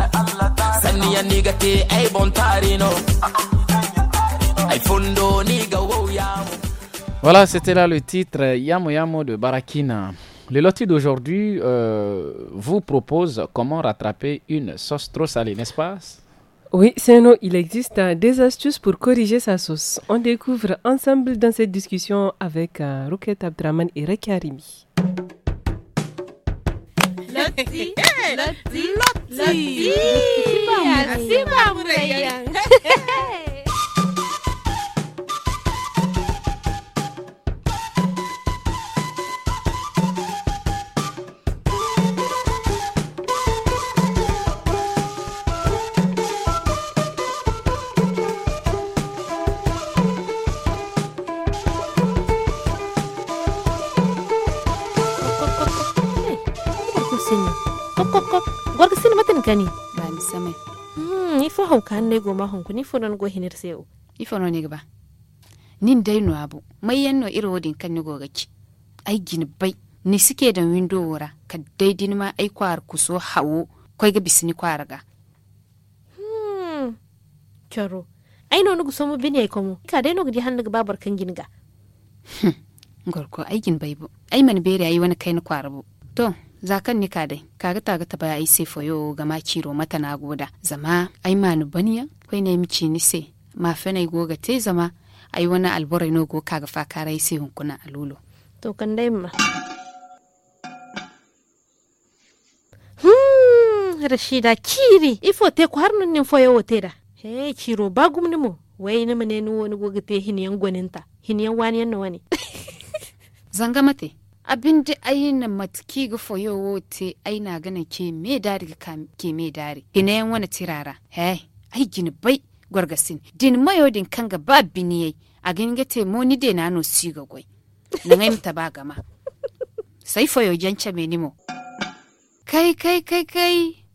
voilà, c'était là le titre Yamo Yamo de Barakina. Le loti d'aujourd'hui euh, vous propose comment rattraper une sauce trop salée, n'est-ce pas oui, c'est Seno, il existe euh, des astuces pour corriger sa sauce. On découvre ensemble dans cette discussion avec euh, Roket Abdraman et Rekarimi. Loti. Loti. Loti. Loti. Loti. Loti. kok gorgo sin matin kani ba mi samai hmm ifo hauka ne go ma honku fo fonon go hinir seo ifo no ne ba nin dai no abu mai yanno iro wodin kan ni go gaki ai gin bai ni suke da window wora ka dai din ma ai kwar ku so hawo kai ga bisini kwar ga hmm charo ai no nugu somo bine ko mu ka dai no gidi hannu ga babar kan gini ga gorko ai gin bai bu ai man bere ai wani kai ni kwar bu to zakan nika dai kaga taga ta baya ise foyo ma ciro mata na goda zama ai ni baniya kai ne mici ni se ma nai goga te zama ai wani alborai no go kaga fa kara ise hunkuna alulo to kan dai ma hmm, rashida kiri ifo te ko har nun nin foyo da he ciro ba gumni mo wai ni mene ni wani goga te hiniyan gwaninta hiniyan wani yan wani zanga mate abin da aina matuki ga foyowo te aina gana ke me dari ke me dari yan wani tirara hey ai gini bai gwargasin din mayo din ga ba biniye a ganin ga te mo ni de na no si ga gwai na ngai mta ba gama sai foyo jancha me nimo kai kai kai kai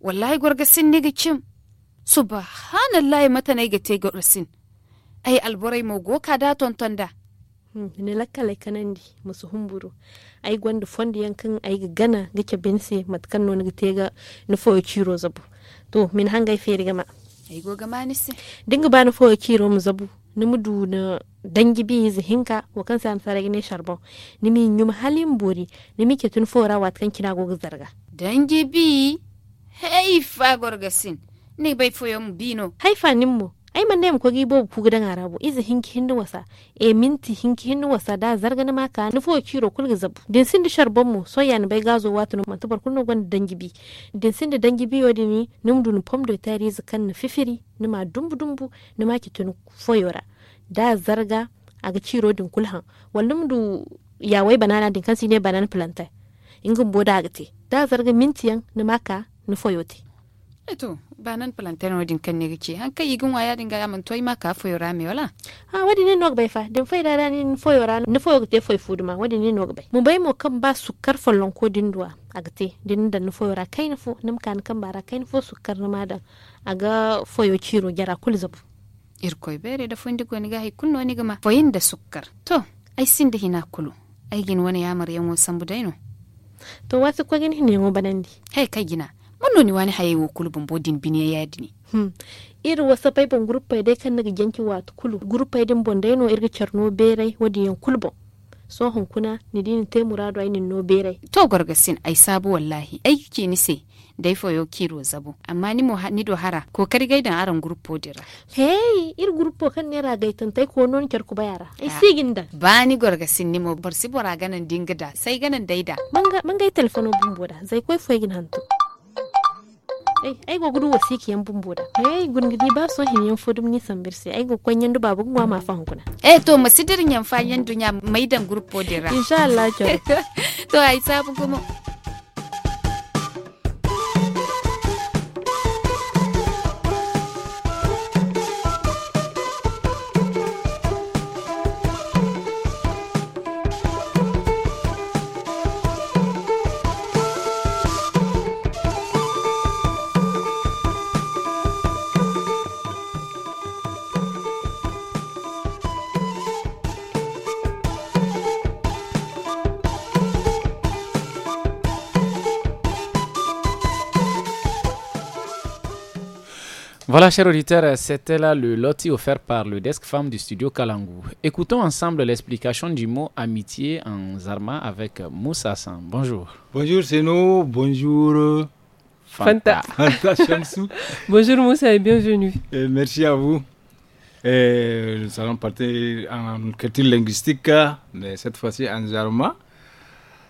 wallahi gwargasin ni ga cim subhanallahi mata na ga te gwargasin ai alborai mo goka da tontonda Hmm, ni kanan di musu humburu ai gwanda fondi yankin ai gana gike bense matkan no ga tega na fowa chiro zabu to min hanga fere gama ai go gama ni se dinga bana fowa ciro mu zabu ni mudu na dangi bi zihinka wa kan sam gine sharbon ni mi nyum halin bori ni mi ke tun fowa rawat kan kina go zarga dangi bi hey fa gorgasin ni bai fowa mu bino haifa nimmo ai man ne ko gibo ku gidan arabu izi hinki hindu wasa e minti hinki hindu wasa da zargani maka nufo kiro kulga zabu din sin di sharbon mu so yan bai gazo watu man tubar kunno gwan dangibi din sin di dangibi yodi ni numdu nu pomdo tari zakan na fifiri numa dumbu dumbu numa ki tun foyora da zarga aga ciro din kulhan wallum du wai banana din kan ne banana plantain ingin boda agate da zarga mintiyan numa ka nufoyote eto ba nan plantain wadin kan ne gici an kai igin waya dinga ya mantoy ma ka foyo rami wala ha ah, wadi ne nok bai fa din foyo rani ni foyo rani ni foyo te foyo fuduma wadi ne nok bai mu bai mo kan ba sukar fallon ko din duwa agate din da ni foyo ra kai ni fo nim kan kan ra kai ni fo sukar na madan aga foyo ciro jara ir irkoy bere da fundi ko ni ga hay kunno ni ma foyin da sukkar to ai sin da hina kulu ai gin wani yamar yan wasan budaino to wasu kwagin hinne mo banandi hey kai gina wannan ni wani haye kulu bumbo bodin bini ya yadi ne. Hmm. iri wasa bai bon dai kan naga janki wata kulu gurfai din bon dai no irga charno berai wadi yan kulbo sohon kuna ni din te murado ai no berai to gargasin ai sabu wallahi ai ke ni sai dai foyo kiro zabo amma ni ni do hara ko kari gaidan aran gurupo dira hey ir gurpo kan ne ragai tantai ko non kyarku bayara ai sigin da ba ni gargasin ni mo bar si bora ganan da sai ganan daida manga manga telefono da zai koi foyin hantu ai ai go gudu wasi kiyan bumbuda ai gungudi ba so hin yan fudum ni sambirse ai go kwanyen duba babu wa ma fan kuna eh to masidirin yan fa yan dunya maidan grupo ra. insha Allah to ai sabu kuma Voilà, chers auditeurs, c'était là le loti offert par le desk femme du studio Kalangu. Écoutons ensemble l'explication du mot amitié en Zarma avec Moussa San. Bonjour. Bonjour Seno, bonjour Fanta. Fanta, bonjour Moussa et bienvenue. Et merci à vous. Et nous allons partir en culture linguistique, mais cette fois-ci en Zarma.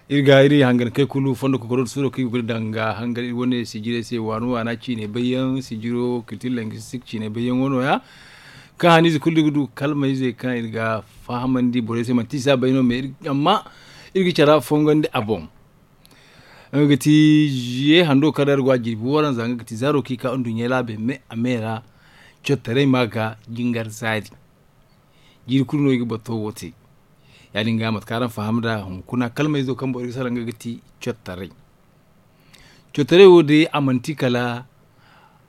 irga iri hangan kai kulu fondo ko korot suro ki gurda nga hangan wone sijire se wanu wana ci ne bayan sigiro kitil linguistic ci ne bayan wono ya ka hani zu kulli gudu kalma yize kan irga di bore se man tisa bayno me amma irgi cara fongande abon ti je hando kadar gwaji jirbu waran zanga kati zaro ki ka undu nyela be me amera chotare maga jingar zari jirkuno no igi bato wote yani ga mat karan fahamda hunkuna kalmai zo kan bori salan gagati chotare chotare wo de amanti kala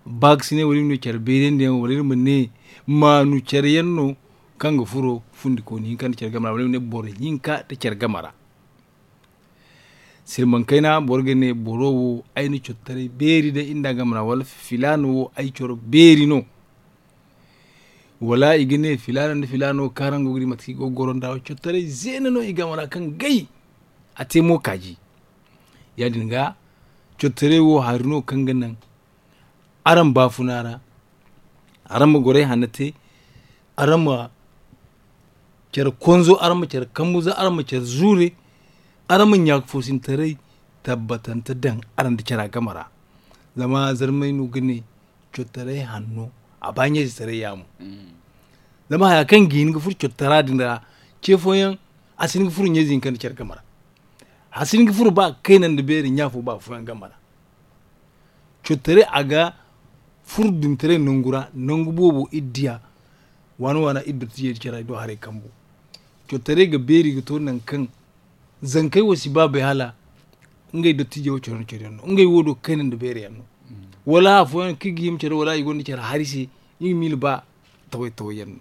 bagsine wori no cerbeden de wori munne ma nu no kanga furo fundi ko ni kan cergamara wori ne bore yinka de sir man kaina borge ne borowo aini chotare beri de inda gamara wal filano ai choro beri no wala i gine filano nde filano karango guri matki go zene no iga mara kan gayi ate mo kaji yadin ga chotare wo harino kanga nan aran aran aranma gore hanate aranma cer konzo aranma cer kambuza aranma cer zure aranma ñak fosintarai ta dan aran da cara gamara zama zarmai nu gine chotare hanno a banye di sare yamu zama haya kan gini ga furcho tara dinda ke foyan asin ga furun yezin kan cer gamara asin ga furu ba kai nan da beri nyafo ba foyan gamara chotare aga fur dum tere nungura nungu bobo idiya wani wana iddu tiye kira do hare kambu chotare ga beri ga to nan kan zankai wasi ba bai hala ngai do tiye wo choron choron ngai wodo kai nan da beri yanno wala foyan kigim cere wala igon cere harisi ing mil ba tawai tawayen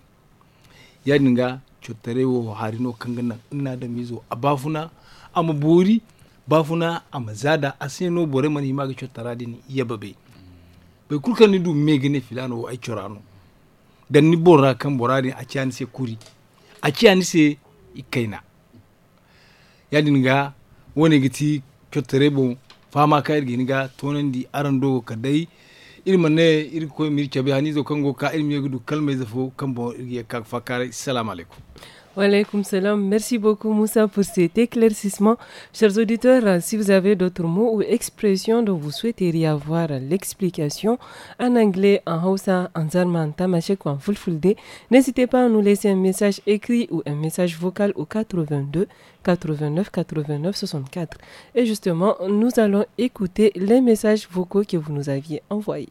ya dinga cutare wo harino kangana ina da mizo abafuna ama bori bafuna ama zada asino bore mani maga cutara din yababe bai kurkan ni du megene filano ay chorano dan ni bora kan borani a ciyani se kuri a ciyani se ikaina ya dinga wani giti cutare bon fama ka tonan di aran dogo ka dai irma ne irko mir kabe hanizo kango ka irmi yegudu kalmai zafo kambo irgi kak fakare assalamu alaikum Walaikum salam. Merci beaucoup Moussa pour cet éclaircissement. Chers auditeurs, si vous avez d'autres mots ou expressions dont vous souhaiteriez avoir l'explication en anglais, en Hausa, en Zarma, en Tamashek ou en Fulfulde, n'hésitez pas à nous laisser un message écrit ou un message vocal au 82 89 89 64. Et justement, nous allons écouter les messages vocaux que vous nous aviez envoyés.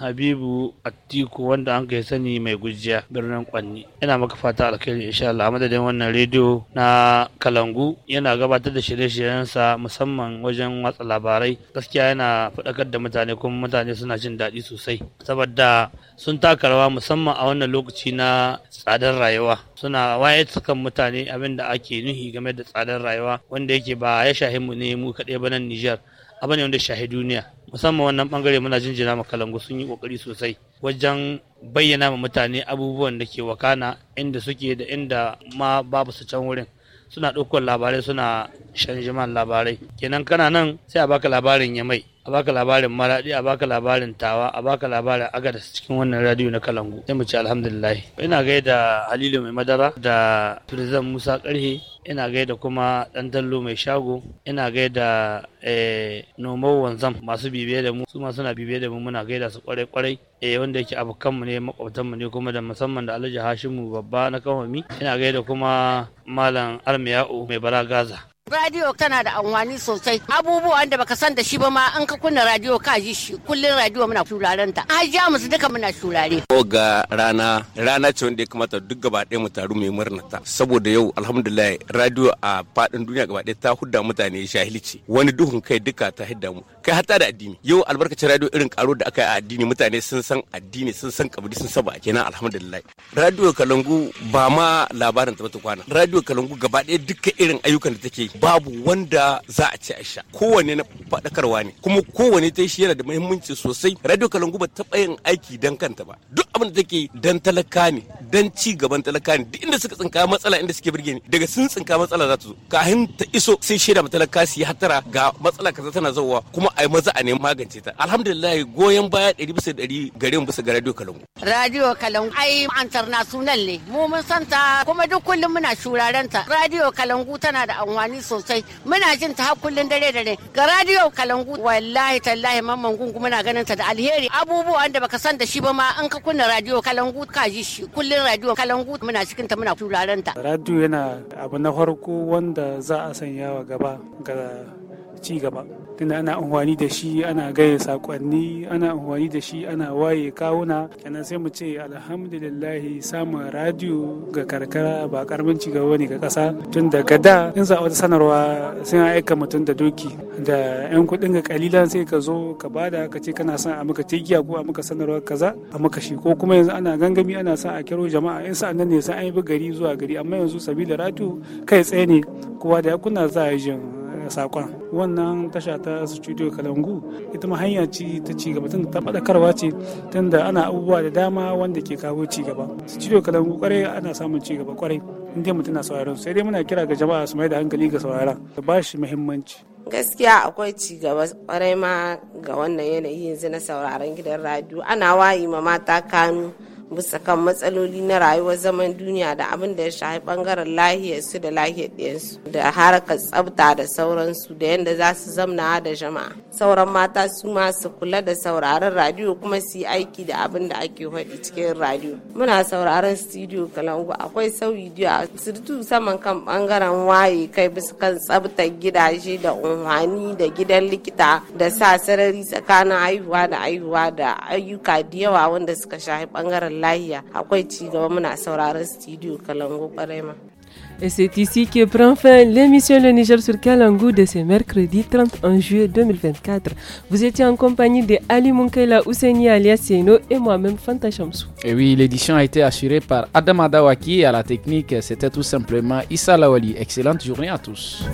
Habibu Atiku wanda an kai sani mai gujiya birnin Kwanni. Yana maka fata alkhairi insha Allah madadin wannan rediyo na Kalangu yana gabatar da shirye-shiryensa musamman wajen watsa labarai. Gaskiya yana faɗakar da mutane kuma mutane suna jin daɗi sosai saboda sun taka rawa musamman a wannan lokaci na tsadar rayuwa. Suna wayar kan mutane abin da ake nuhi game da tsadar rayuwa wanda yake ba ya shahimu ne mu kaɗai ba nan Nijar. abin ne wanda shahi duniya. musamman wannan bangare muna jinjina ma kalangu sun yi kokari sosai wajen bayyana ma mutane abubuwan da ke wakana inda suke da inda ma babu su can wurin suna ɗaukar labarai suna shanjiman labarai kenan kana nan sai a baka labarin yamai mai a baka labarin maradi a baka labarin tawa a baka labarin agadas cikin wannan radiyo na kalangu sai mu ce alhamdulillah ina gaida halilu mai madara da firzan musa karhe ina gaida kuma dan dallo mai shago ina gaida eh, nomau wanzam masu bibiye da mu su ma suna bibiye da mu muna gaida su kwarai kwarai e eh, wanda yake mu ne mu ne kuma da musamman da alhaji hashimu babba na kawami ina gaida kuma malam armiya'u mai bara gaza Radio tana da anwani sosai. Abubuwan da baka san da shi ba ma an ka kunna radio ka ji shi. Kullun radio muna turaren ta. ji musu duka muna turare. Ko ga rana, rana ce wanda ya kamata duk gaba ɗaya mu taru mai murna ta. Saboda yau alhamdulillah radio a faɗin duniya gaba ɗaya ta hudda mutane shahilci. Wani duhun kai duka ta hidda mu. Kai hatta da addini. Yau albarkaci radio irin karo da aka yi a addini mutane sun san addini sun san kabili sun saba kenan alhamdulillah. Radio Kalangu ba ma labarin ta kwana. Radio Kalangu gaba ɗaya duka irin ayyukan da take babu wanda za a ci a sha kowane na faɗakarwa ne kuma kowane ta shi yana da muhimmanci sosai radio kalangu ba taɓa yin aiki dan kanta ba duk abin da take dan talaka ne dan ci gaban talaka ne duk inda suka tsinka matsala inda suke birge ni daga sun tsinka matsala za ta zo kafin ta iso sai shaida talaka su yi hatara ga matsala kaza tana zauwa kuma a maza a nemi magance ta alhamdulillah goyon baya ɗari bisa ɗari gare mu bisa ga radio kalangu. radio kalangu ai sunan ne mu mun santa kuma duk kullum muna shuraren ta radio kalangu tana da amfani sosai muna jin ta kullun dare da dare ga radio kalangu wallahi tallahi mamman gungu muna ganin ta da alheri abubuwan da baka san da shi ba ma an ka kunna radio kalangu ka ji shi kullun radio kalangu muna cikin ta muna turaren ta radio yana abu na farko wanda za a sanya wa gaba ga ci gaba tunda ana amfani da shi ana gaya sakonni ana amfani da shi ana waye kawuna yana sai mu ce alhamdulillah samun radiyo ga karkara ba karamin ci gaba ne ga kasa tun daga da in za wata sanarwa sai an aika mutum da doki da yan kuɗin ga kalilan sai ka zo ka bada ka ce kana son a maka tigiya ko a maka sanarwa kaza a maka shi ko kuma yanzu ana gangami ana son a kiro jama'a in sa'an nan ne sai an yi gari zuwa gari amma yanzu sabila radiyo kai tsaye ne kowa da ya kunna za a yi jin sakon wannan tasha ta studio kalangu ita ma hanya ce ta ci gaba ta faɗakarwa ce tunda ana abubuwa da dama wanda ke kawo ci gaba studio kalangu kwarai ana samun ci gaba kwarai inda mutum na sauraron sai dai muna kira ga jama'a su mai da hankali ga sauraron da ba shi muhimmanci gaskiya akwai ci gaba kwarai ma ga wannan yanayi yanzu na sauraron gidan radio ana wayi ma mata kanu bisa matsaloli na rayuwar zaman duniya da abin da ya shafi bangaren lahiyarsu da lahiyar ɗiyansu da harkar tsabta da sauransu da yadda za su zamna da jama'a sauran mata su masu kula da sauraron radio kuma su yi aiki da abin da ake faɗi cikin radio muna sauraron studio kalangu akwai sauyi a sirtu saman kan bangaren waye kai bisa kan tsabtar gidaje da unhwani da gidan likita da sa sarari tsakanin haihuwa da haihuwa da ayyuka da yawa wanda suka shafi bangaren Et c'est ici que prend fin l'émission Le Niger sur Kalangou de ce mercredi 31 juillet 2024. Vous étiez en compagnie de Ali Munkaila Ouseni alias Sieno et moi-même Fanta Chamsou. Et oui, l'édition a été assurée par Adam Adawaki et à la technique, c'était tout simplement Issa Lawali. Excellente journée à tous.